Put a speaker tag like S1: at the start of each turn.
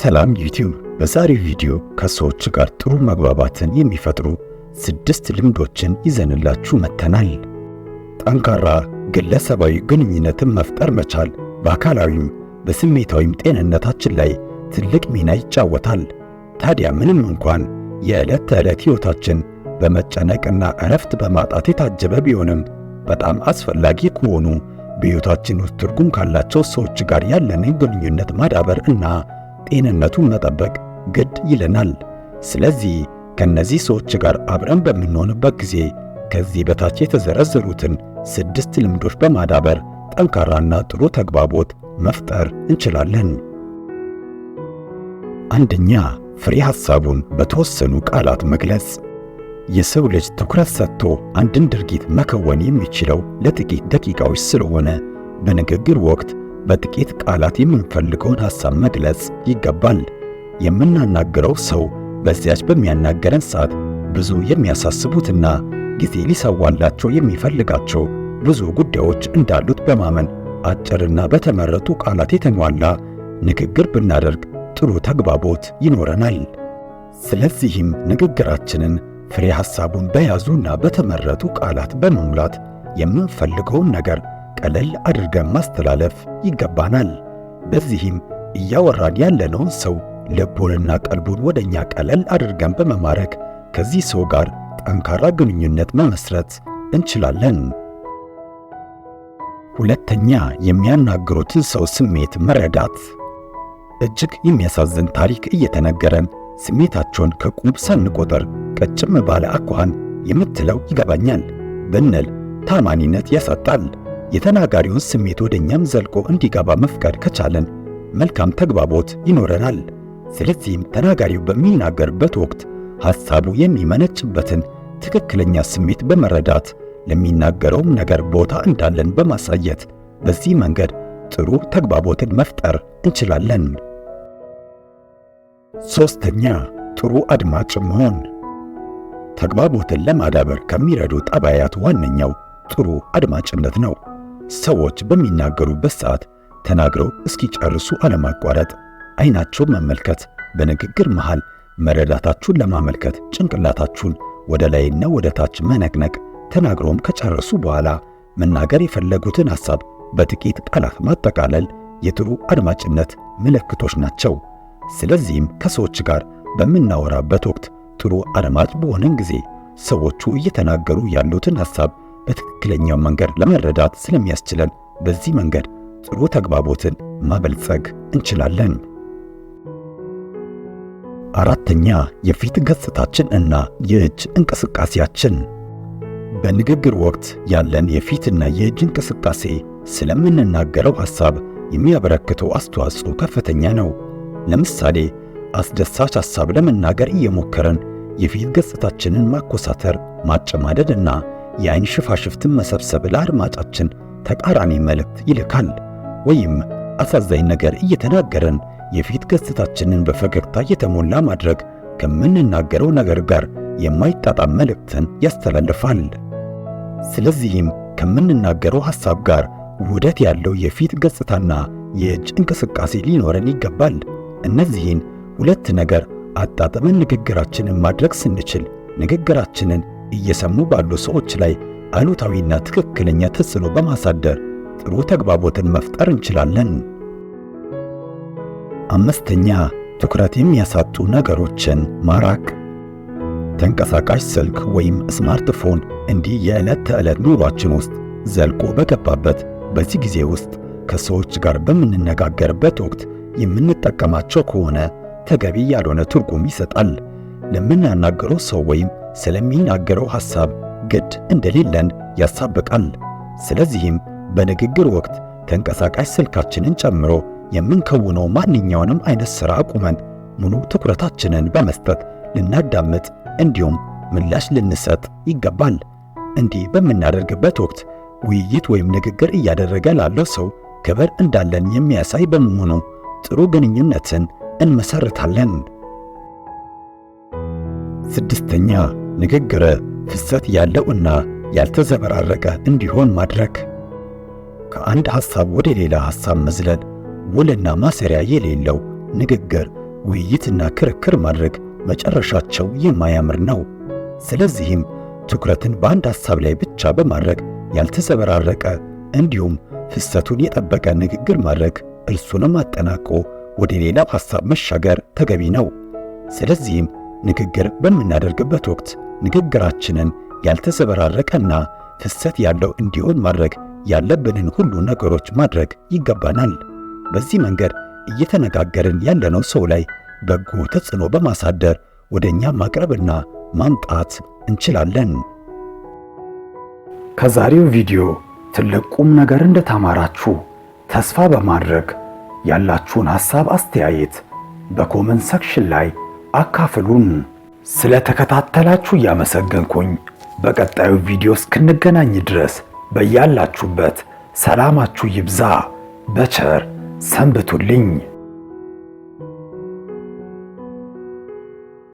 S1: ሰላም ዩቲዩብ። በዛሬው ቪዲዮ ከሰዎች ጋር ጥሩ መግባባትን የሚፈጥሩ ስድስት ልምዶችን ይዘንላችሁ መጥተናል። ጠንካራ ግለሰባዊ ግንኙነትን መፍጠር መቻል በአካላዊም በስሜታዊም ጤንነታችን ላይ ትልቅ ሚና ይጫወታል። ታዲያ ምንም እንኳን የዕለት ተዕለት ሕይወታችን በመጨነቅና እረፍት በማጣት የታጀበ ቢሆንም በጣም አስፈላጊ ከሆኑ በሕይወታችን ውስጥ ትርጉም ካላቸው ሰዎች ጋር ያለንን ግንኙነት ማዳበር እና ጤንነቱን መጠበቅ ግድ ይለናል። ስለዚህ ከነዚህ ሰዎች ጋር አብረን በምንሆንበት ጊዜ ከዚህ በታች የተዘረዘሩትን ስድስት ልምዶች በማዳበር ጠንካራና ጥሩ ተግባቦት መፍጠር እንችላለን። አንደኛ፣ ፍሬ ሐሳቡን በተወሰኑ ቃላት መግለጽ። የሰው ልጅ ትኩረት ሰጥቶ አንድን ድርጊት መከወን የሚችለው ለጥቂት ደቂቃዎች ስለሆነ በንግግር ወቅት በጥቂት ቃላት የምንፈልገውን ሐሳብ መግለጽ ይገባል። የምናናግረው ሰው በዚያች በሚያናገረን ሰዓት ብዙ የሚያሳስቡትና ጊዜ ሊሰዋላቸው የሚፈልጋቸው ብዙ ጉዳዮች እንዳሉት በማመን አጭርና በተመረጡ ቃላት የተሟላ ንግግር ብናደርግ ጥሩ ተግባቦት ይኖረናል። ስለዚህም ንግግራችንን ፍሬ ሐሳቡን በያዙና በተመረጡ ቃላት በመሙላት የምንፈልገውን ነገር ቀለል አድርገን ማስተላለፍ ይገባናል። በዚህም እያወራን ያለነውን ሰው ልቡንና ቀልቡን ወደኛ ቀለል አድርገን በመማረክ ከዚህ ሰው ጋር ጠንካራ ግንኙነት መመስረት እንችላለን። ሁለተኛ፣ የሚያናግሩትን ሰው ስሜት መረዳት። እጅግ የሚያሳዝን ታሪክ እየተነገረን ስሜታቸውን ከቁብ ሳንቆጥር ቀጭም ባለ አኳኋን የምትለው ይገባኛል ብንል ታማኒነት ያሳጣል። የተናጋሪውን ስሜት ወደ እኛም ዘልቆ እንዲገባ መፍቀድ ከቻለን መልካም ተግባቦት ይኖረናል። ስለዚህም ተናጋሪው በሚናገርበት ወቅት ሐሳቡ የሚመነጭበትን ትክክለኛ ስሜት በመረዳት ለሚናገረውም ነገር ቦታ እንዳለን በማሳየት በዚህ መንገድ ጥሩ ተግባቦትን መፍጠር እንችላለን። ሶስተኛ ጥሩ አድማጭ መሆን። ተግባቦትን ለማዳበር ከሚረዱ ጠባያት ዋነኛው ጥሩ አድማጭነት ነው። ሰዎች በሚናገሩበት ሰዓት ተናግረው እስኪጨርሱ አለማቋረጥ አይናቸውን መመልከት፣ በንግግር መሃል መረዳታችሁን ለማመልከት ጭንቅላታችሁን ወደ ላይና ወደ ታች መነቅነቅ፣ ተናግረውም ከጨረሱ በኋላ መናገር የፈለጉትን ሐሳብ በጥቂት ቃላት ማጠቃለል የጥሩ አድማጭነት ምልክቶች ናቸው። ስለዚህም ከሰዎች ጋር በምናወራበት ወቅት ጥሩ አድማጭ በሆነን ጊዜ ሰዎቹ እየተናገሩ ያሉትን ሐሳብ በትክክለኛው መንገድ ለመረዳት ስለሚያስችለን በዚህ መንገድ ጥሩ ተግባቦትን ማበልጸግ እንችላለን። አራተኛ የፊት ገጽታችን እና የእጅ እንቅስቃሴያችን። በንግግር ወቅት ያለን የፊትና የእጅ እንቅስቃሴ ስለምንናገረው ሐሳብ የሚያበረክተው አስተዋጽኦ ከፍተኛ ነው። ለምሳሌ አስደሳች ሐሳብ ለመናገር እየሞከረን የፊት ገጽታችንን ማኮሳተር፣ ማጨማደድ እና የአይን ሽፋሽፍትን መሰብሰብ ለአድማጫችን ተቃራኒ መልእክት ይልካል። ወይም አሳዛኝ ነገር እየተናገረን የፊት ገጽታችንን በፈገግታ እየተሞላ ማድረግ ከምንናገረው ነገር ጋር የማይጣጣም መልእክትን ያስተላልፋል። ስለዚህም ከምንናገረው ሐሳብ ጋር ውህደት ያለው የፊት ገጽታና የእጅ እንቅስቃሴ ሊኖረን ይገባል። እነዚህን ሁለት ነገር አጣጥመን ንግግራችንን ማድረግ ስንችል ንግግራችንን እየሰሙ ባሉ ሰዎች ላይ አሉታዊና ትክክለኛ ተጽዕኖ በማሳደር ጥሩ ተግባቦትን መፍጠር እንችላለን። አምስተኛ ትኩረት የሚያሳጡ ነገሮችን ማራቅ። ተንቀሳቃሽ ስልክ ወይም ስማርትፎን እንዲህ የዕለት ተዕለት ኑሯችን ውስጥ ዘልቆ በገባበት በዚህ ጊዜ ውስጥ ከሰዎች ጋር በምንነጋገርበት ወቅት የምንጠቀማቸው ከሆነ ተገቢ ያልሆነ ትርጉም ይሰጣል። ለምናናገረው ሰው ወይም ስለሚናገረው ሐሳብ ግድ እንደሌለን ያሳብቃል። ስለዚህም በንግግር ወቅት ተንቀሳቃሽ ስልካችንን ጨምሮ የምንከውነው ማንኛውንም አይነት ሥራ አቁመን ሙሉ ትኩረታችንን በመስጠት ልናዳምጥ እንዲሁም ምላሽ ልንሰጥ ይገባል። እንዲህ በምናደርግበት ወቅት ውይይት ወይም ንግግር እያደረገ ላለው ሰው ክብር እንዳለን የሚያሳይ በመሆኑ ጥሩ ግንኙነትን እንመሰርታለን። ስድስተኛ ንግግር ፍሰት ያለውና ያልተዘበራረቀ እንዲሆን ማድረግ። ከአንድ ሐሳብ ወደ ሌላ ሐሳብ መዝለል፣ ውልና ማሰሪያ የሌለው ንግግር፣ ውይይትና ክርክር ማድረግ መጨረሻቸው የማያምር ነው። ስለዚህም ትኩረትን በአንድ ሐሳብ ላይ ብቻ በማድረግ ያልተዘበራረቀ እንዲሁም ፍሰቱን የጠበቀ ንግግር ማድረግ እርሱንም አጠናቆ ወደ ሌላው ሐሳብ መሻገር ተገቢ ነው። ስለዚህም ንግግር በምናደርግበት ወቅት ንግግራችንን ያልተዘበራረቀና ፍሰት ያለው እንዲሆን ማድረግ ያለብንን ሁሉ ነገሮች ማድረግ ይገባናል። በዚህ መንገድ እየተነጋገርን ያለነው ሰው ላይ በጎ ተጽዕኖ በማሳደር ወደ እኛ ማቅረብና ማምጣት እንችላለን። ከዛሬው ቪዲዮ ትልቅ ቁም ነገር እንደተማራችሁ ተስፋ በማድረግ ያላችሁን ሐሳብ፣ አስተያየት በኮመንት ሰክሽን ላይ አካፍሉን። ስለተከታተላችሁ እያመሰገንኩኝ በቀጣዩ ቪዲዮ እስክንገናኝ ድረስ በያላችሁበት ሰላማችሁ ይብዛ። በቸር ሰንብቱልኝ።